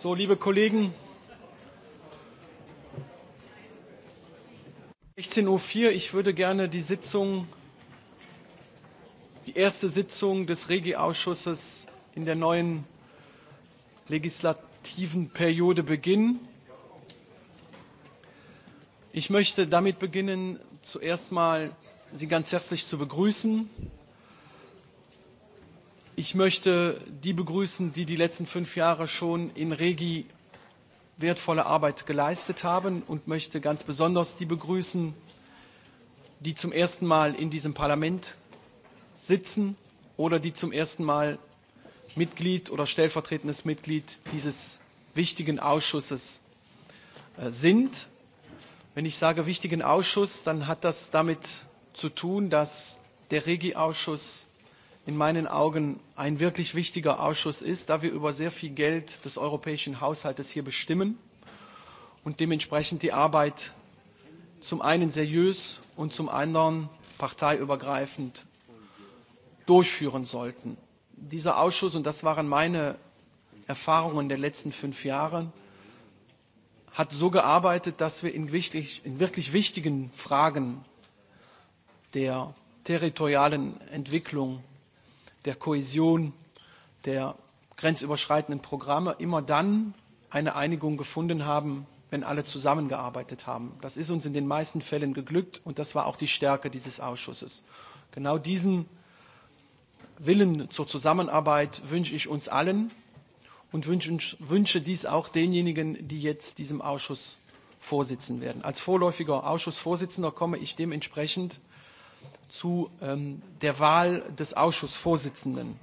So, liebe Kollegen, 16.04 Uhr, ich würde gerne die Sitzung, die erste Sitzung des Regi-Ausschusses in der neuen legislativen Periode beginnen. Ich möchte damit beginnen, zuerst mal Sie ganz herzlich zu begrüßen Ich möchte die begrüßen, die die letzten fünf Jahre schon in Regi wertvolle Arbeit geleistet haben und möchte ganz besonders die begrüßen, die zum ersten Mal in diesem Parlament sitzen oder die zum ersten Mal Mitglied oder stellvertretendes Mitglied dieses wichtigen Ausschusses sind. Wenn ich sage wichtigen Ausschuss, dann hat das damit zu tun, dass der Regi-Ausschuss in meinen Augen ein wirklich wichtiger Ausschuss ist, da wir über sehr viel Geld des europäischen Haushaltes hier bestimmen und dementsprechend die Arbeit zum einen seriös und zum anderen parteiübergreifend durchführen sollten. Dieser Ausschuss, und das waren meine Erfahrungen der letzten fünf Jahre, hat so gearbeitet, dass wir in, wichtig, in wirklich wichtigen Fragen der territorialen Entwicklung der Kohäsion, der grenzüberschreitenden Programme immer dann eine Einigung gefunden haben, wenn alle zusammengearbeitet haben. Das ist uns in den meisten Fällen geglückt und das war auch die Stärke dieses Ausschusses. Genau diesen Willen zur Zusammenarbeit wünsche ich uns allen und wünsche dies auch denjenigen, die jetzt diesem Ausschuss vorsitzen werden. Als vorläufiger Ausschussvorsitzender komme ich dementsprechend zu der Wahl des Ausschussvorsitzenden.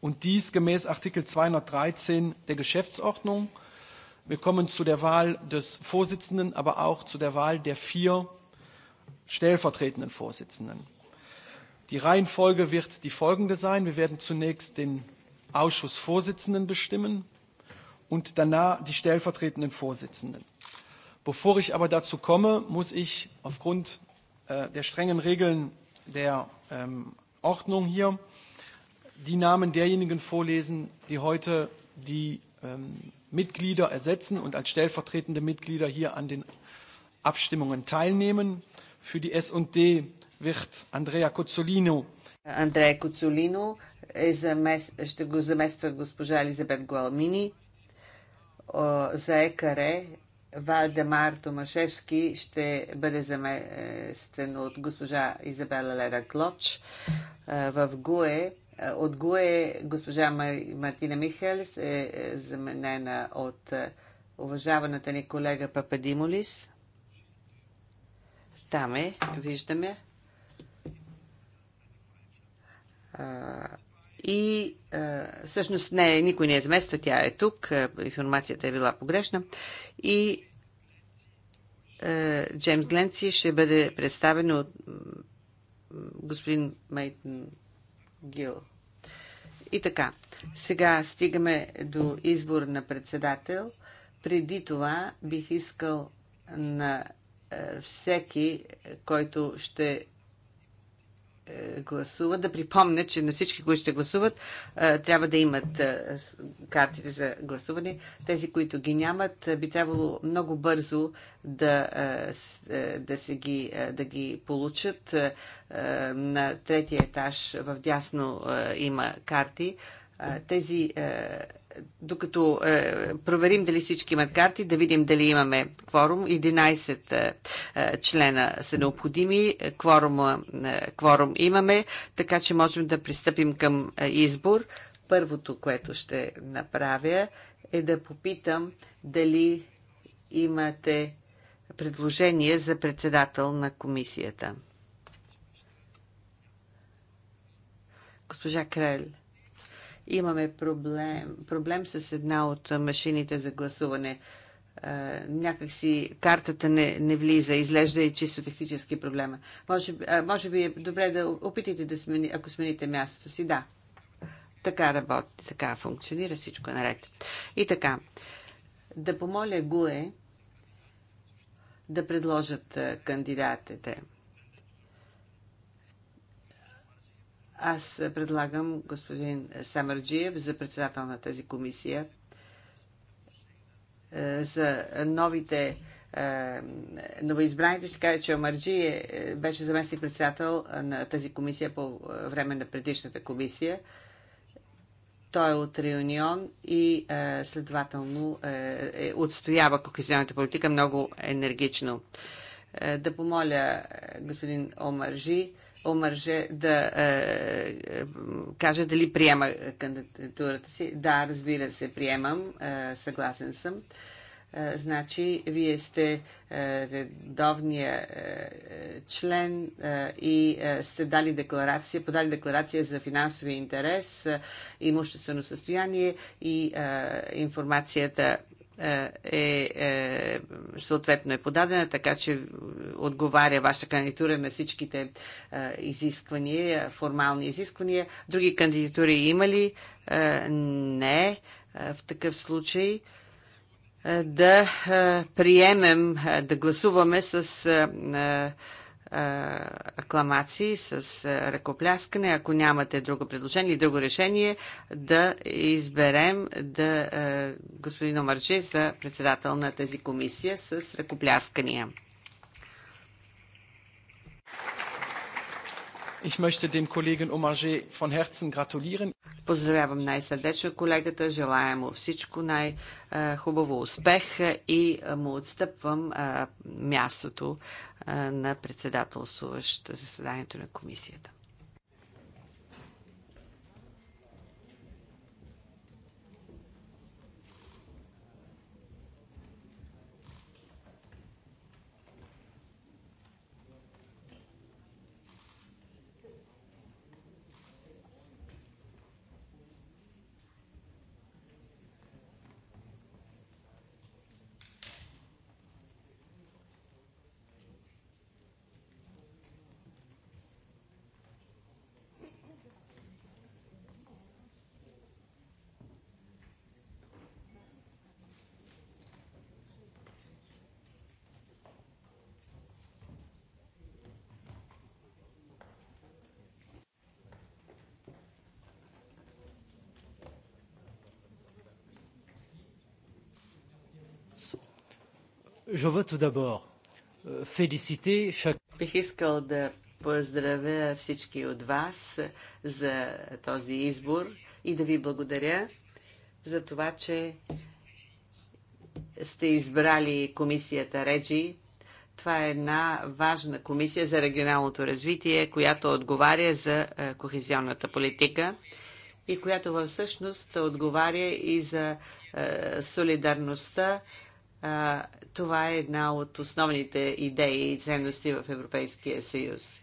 Und dies gemäß Artikel 213 der Geschäftsordnung. Wir kommen zu der Wahl des Vorsitzenden, aber auch zu der Wahl der vier stellvertretenden Vorsitzenden. Die Reihenfolge wird die folgende sein. Wir werden zunächst den Ausschussvorsitzenden bestimmen und danach die stellvertretenden Vorsitzenden. Bevor ich aber dazu komme, muss ich aufgrund der strengen Regeln der Ordnung hier die Namen derjenigen vorlesen, die heute die Mitglieder ersetzen und als stellvertretende Mitglieder hier an den Abstimmungen teilnehmen. Für die S&D wird Andrea Cozzolino Andrea Cozzolino ist der Elisabeth Gualmini. Uh, госпожа За Валдемар Томашевски ще бъде заместен от госпожа Изабела Лера Клоч е, в ГУЕ. Е, от ГУЕ госпожа Мартина Михелс е, е заменена от уважаваната ни колега Пападимолис. Там е, виждаме и а, всъщност не, никой не е замества, тя е тук, информацията е била погрешна и а, Джеймс Гленци ще бъде представен от господин Мейтън Гил. И така, сега стигаме до избор на председател. Преди това бих искал на всеки, който ще е, гласуват, да припомня, че на всички, които ще гласуват, е, трябва да имат е, картите за гласуване. Тези, които ги нямат, би трябвало много бързо да, да, се ги, да ги получат. На третия етаж в дясно има карти. Тези докато е, проверим дали всички имат карти, да видим дали имаме кворум. 11 е, е, члена са необходими, кворум, е, кворум имаме, така че можем да пристъпим към е, избор. Първото, което ще направя, е да попитам дали имате предложение за председател на комисията. Госпожа Крель. Имаме проблем, проблем с една от машините за гласуване. Е, Някакси картата не, не влиза, изглежда и чисто технически проблема. Може, е, може би е добре да опитайте да смени, ако смените мястото си. Да, така работи, така функционира, всичко е наред. И така, да помоля Гуе да предложат е, кандидатите. Аз предлагам господин Самарджиев за председател на тази комисия е, за новите е, новоизбраните. Ще кажа, че Омарджи е, беше заместник председател на тази комисия по време на предишната комисия. Той е от Реунион и следователно отстоява кохезионната политика много енергично. да помоля господин Омарджи омърже да е, е, каже дали приема кандидатурата си. Да, разбира се, приемам, е, съгласен съм. Е, значи, вие сте е, редовния е, член е, и е, сте дали декларация, подали декларация за финансови интерес, е, имуществено състояние и е, информацията е, е, е съответно е подадена, така че отговаря ваша кандидатура на всичките е, изисквания, формални изисквания. Други кандидатури има ли? Е, не. Е, в такъв случай да приемем, да гласуваме с акламации, с ръкопляскане, ако нямате друго предложение или друго решение, да изберем да, господин Омарджи за председател на тази комисия с ръкопляскания. Ich möchte dem Kollegen von Herzen gratulieren. Поздравявам най-сърдечно колегата, желая му всичко най-хубаво успех и му отстъпвам мястото на председателстващ заседанието на комисията. Je veux tout d'abord euh, féliciter chaque... Бих искал да поздравя всички от вас за този избор и да ви благодаря за това, че сте избрали комисията Реджи. Това е една важна комисия за регионалното развитие, която отговаря за е, кохезионната политика и която всъщност отговаря и за е, солидарността това е една от основните идеи и ценности в Европейския съюз.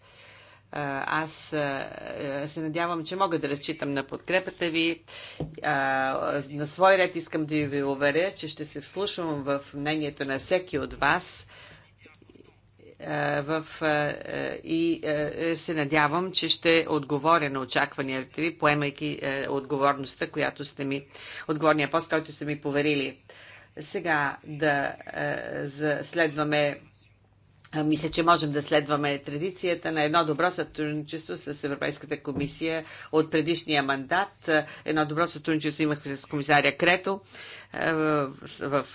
Аз се надявам, че мога да разчитам на подкрепата ви. На свой ред искам да ви уверя, че ще се вслушвам в мнението на всеки от вас в, и се надявам, че ще отговоря на очакванията ви, поемайки отговорността, която сте ми, отговорния пост, който сте ми поверили сега да е, за, следваме е, мисля, че можем да следваме традицията на едно добро сътрудничество с Европейската комисия от предишния мандат. Е, едно добро сътрудничество имахме с комисаря Крето в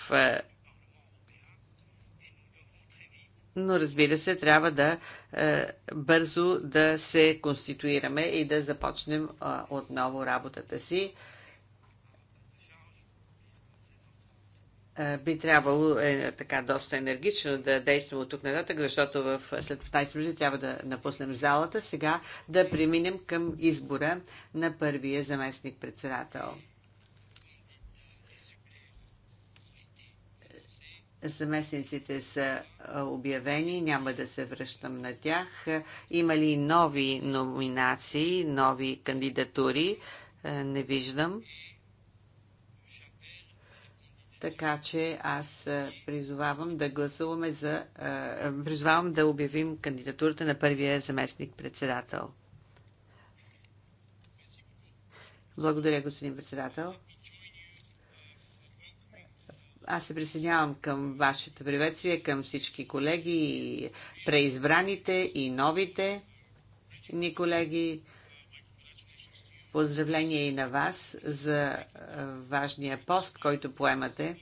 но разбира се, трябва да е, бързо да се конституираме и да започнем е, отново работата си. Е, би трябвало е, така доста енергично да действаме от тук нататък, защото в, след 15 минути трябва да напуснем залата. Сега да преминем към избора на първия заместник-председател. Заместниците са е, обявени, няма да се връщам на тях. Има ли нови номинации, нови кандидатури? Е, не виждам. Така че аз призовавам да гласуваме за... Призовавам да обявим кандидатурата на първия заместник-председател. Благодаря, господин председател. Аз се присъединявам към вашето приветствие, към всички колеги, и преизбраните и новите ни колеги. Поздравление и на вас за важния пост, който поемате.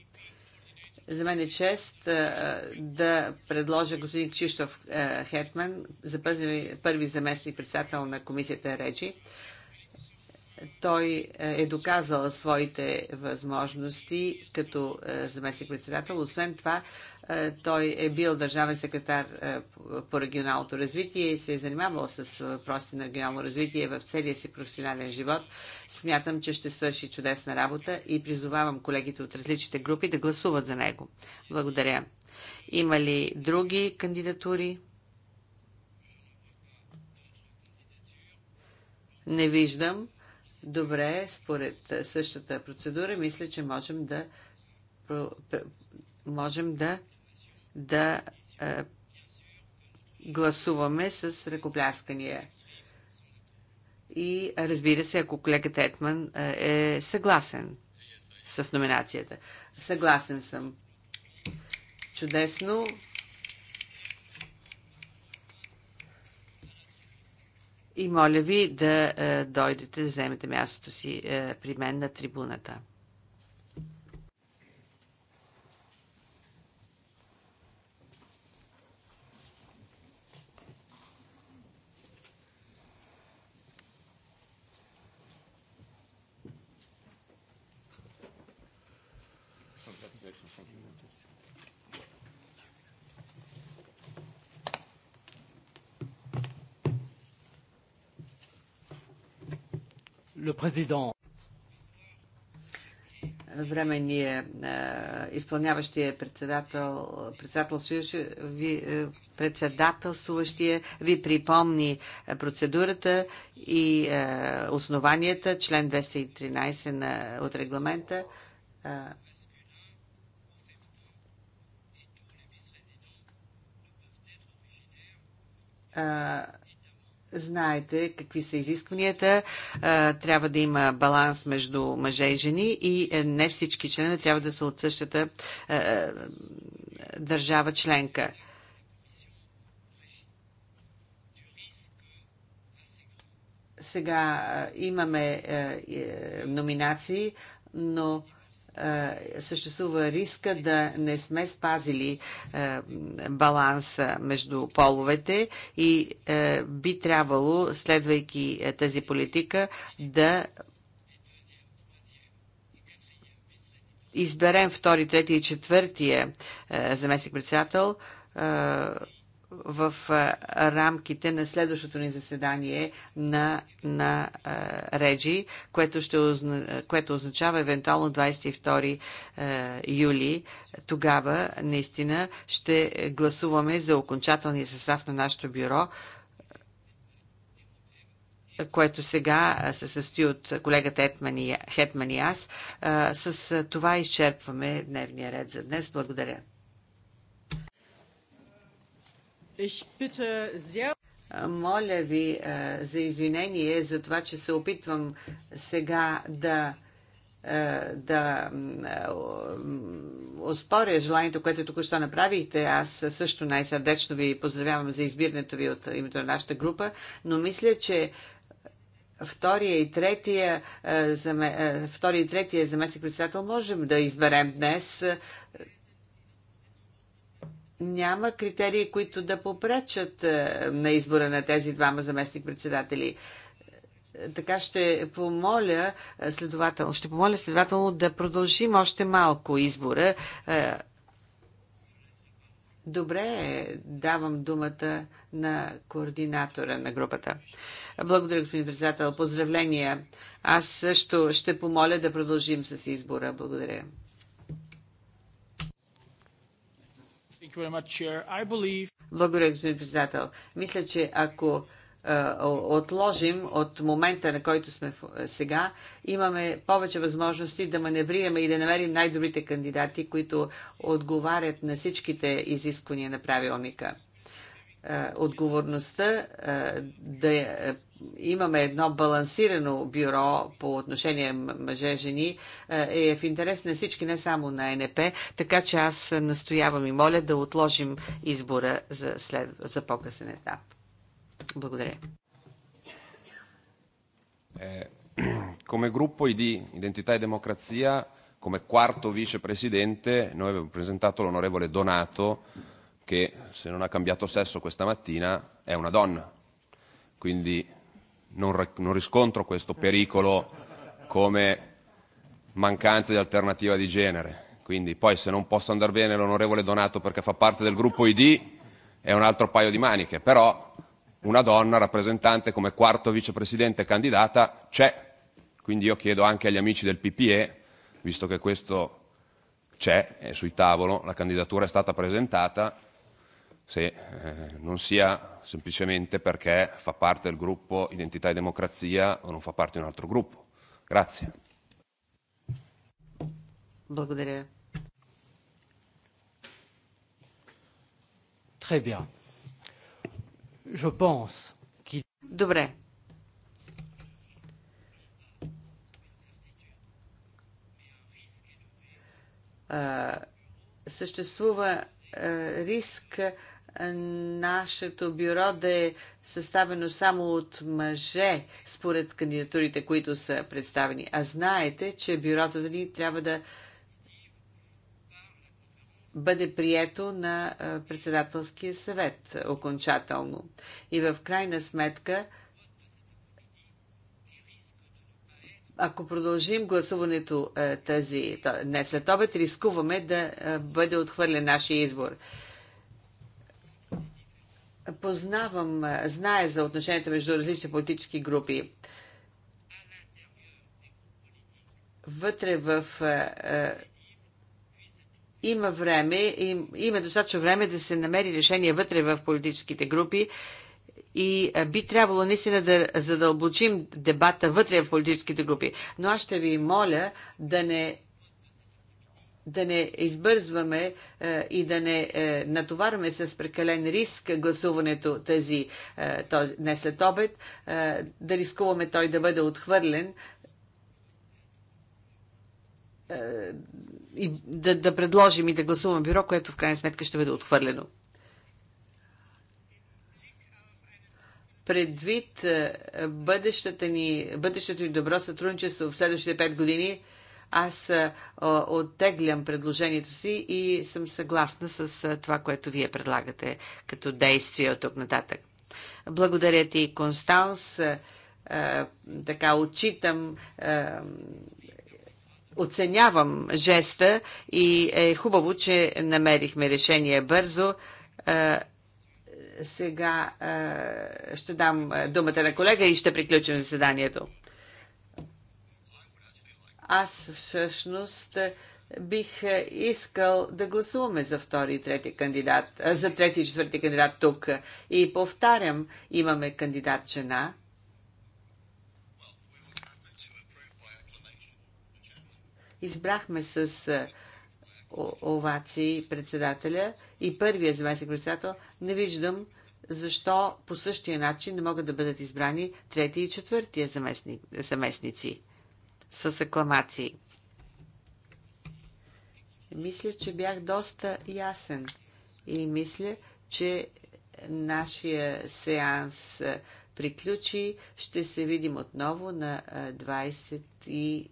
За мен е чест да предложа господин Кшиштоф Хетман за първи заместник председател на комисията Речи. Той е, е доказал своите възможности като е, заместник-председател. Освен това, е, той е бил държавен секретар по регионалното развитие и се е занимавал с въпросите на регионално развитие в целия си професионален живот. Смятам, че ще свърши чудесна работа и призовавам колегите от различните групи да гласуват за него. Благодаря. Има ли други кандидатури? Не виждам добре, според е, същата процедура, мисля, че можем да можем да да е, гласуваме с ръкопляскания. И разбира се, ако колегата Етман е, е съгласен с номинацията. Съгласен съм. Чудесно. и моля ви да е, дойдете, да вземете мястото си е, при мен на трибуната. Временният е, изпълняващия председател, председател ви, председателстващия ви припомни процедурата и основанията, член 213 на, от регламента. Знаете какви са изискванията. Трябва да има баланс между мъже и жени и е, не всички членове трябва да са от същата е, е, държава членка. Сега имаме номинации, но е, съществува риска да не сме спазили е, баланса между половете и е, би трябвало, следвайки тази политика, да изберем втори, трети и четвъртия заместник-председател, в рамките на следващото ни заседание на, на Реджи, което, ще озна, което означава евентуално 22 юли. Тогава наистина ще гласуваме за окончателния състав на нашето бюро, което сега се състои от колегата Етман и, Хетман и аз. С това изчерпваме дневния ред за днес. Благодаря. Моля ви е, за извинение за това, че се опитвам сега да е, да е, оспоря желанието, което току-що направихте. Аз също най-сърдечно ви поздравявам за избирането ви от името на нашата група, но мисля, че втория и третия, втория и третия заместник председател можем да изберем днес няма критерии, които да попречат е, на избора на тези двама заместник-председатели. Така ще помоля е, следователно, ще помоля следователно да продължим още малко избора. Е, добре, давам думата на координатора на групата. Благодаря, господин председател. Поздравления. Аз също ще помоля да продължим с избора. Благодаря. Благодаря, господин председател. Мисля, че ако отложим от момента, на който сме сега, имаме повече възможности да маневрираме и да намерим най-добрите кандидати, които отговарят на всичките изисквания на правилника отговорността да е, имаме едно балансирано бюро по отношение мъже-жени е в интерес на всички, не само на НП, така че аз настоявам и моля да отложим избора за, след... за по-късен етап. Благодаря. Е, come gruppo ID Identità e Democrazia, come quarto vicepresidente, noi abbiamo presentato l'onorevole Donato che, se non ha cambiato sesso questa mattina, è una donna. Quindi non, riscontro questo pericolo come mancanza di alternativa di genere. Quindi poi se non posso andare bene l'onorevole Donato perché fa parte del gruppo ID è un altro paio di maniche, però una donna rappresentante come quarto vicepresidente candidata c'è. Quindi io chiedo anche agli amici del PPE, visto che questo c'è, è sui tavolo, la candidatura è stata presentata, se eh, non sia semplicemente perché fa parte del Gruppo Identità e Democrazia o non fa parte di un altro Gruppo. Grazie. Благодаря. Très bien. Je pense qu'il... Добре. А, съществува а, риск нашето бюро да е съставено само от мъже, според кандидатурите, които са представени. А знаете, че бюрото ни трябва да бъде прието на председателския съвет окончателно. И в крайна сметка, ако продължим гласуването тази, не след обед, рискуваме да бъде отхвърлен нашия избор познавам, е, знае за отношенията между различни политически групи. Вътре в е, е, има време, им, има достатъчно време да се намери решение вътре в политическите групи и би трябвало наистина да задълбочим дебата вътре в политическите групи. Но аз ще ви моля да не да не избързваме е, и да не е, натоварваме с прекален риск гласуването тази, е, този, днес след обед, е, да рискуваме той да бъде отхвърлен е, и да, да предложим и да гласуваме бюро, което в крайна сметка ще бъде отхвърлено. Предвид е, бъдещата ни, бъдещето ни добро сътрудничество в следващите 5 години, аз оттеглям предложението си и съм съгласна с това, което вие предлагате като действие от тук нататък. Благодаря ти, Констанс. Така, отчитам оценявам жеста и е хубаво, че намерихме решение бързо. Сега ще дам думата на колега и ще приключим заседанието. Аз всъщност бих искал да гласуваме за втори и трети кандидат, за трети и четвърти кандидат тук. И повтарям, имаме кандидат жена. Избрахме с овации председателя и първия заместник председател. Не виждам защо по същия начин не могат да бъдат избрани трети и четвъртия заместни, заместници с акламации. Мисля, че бях доста ясен и мисля, че нашия сеанс приключи. Ще се видим отново на 22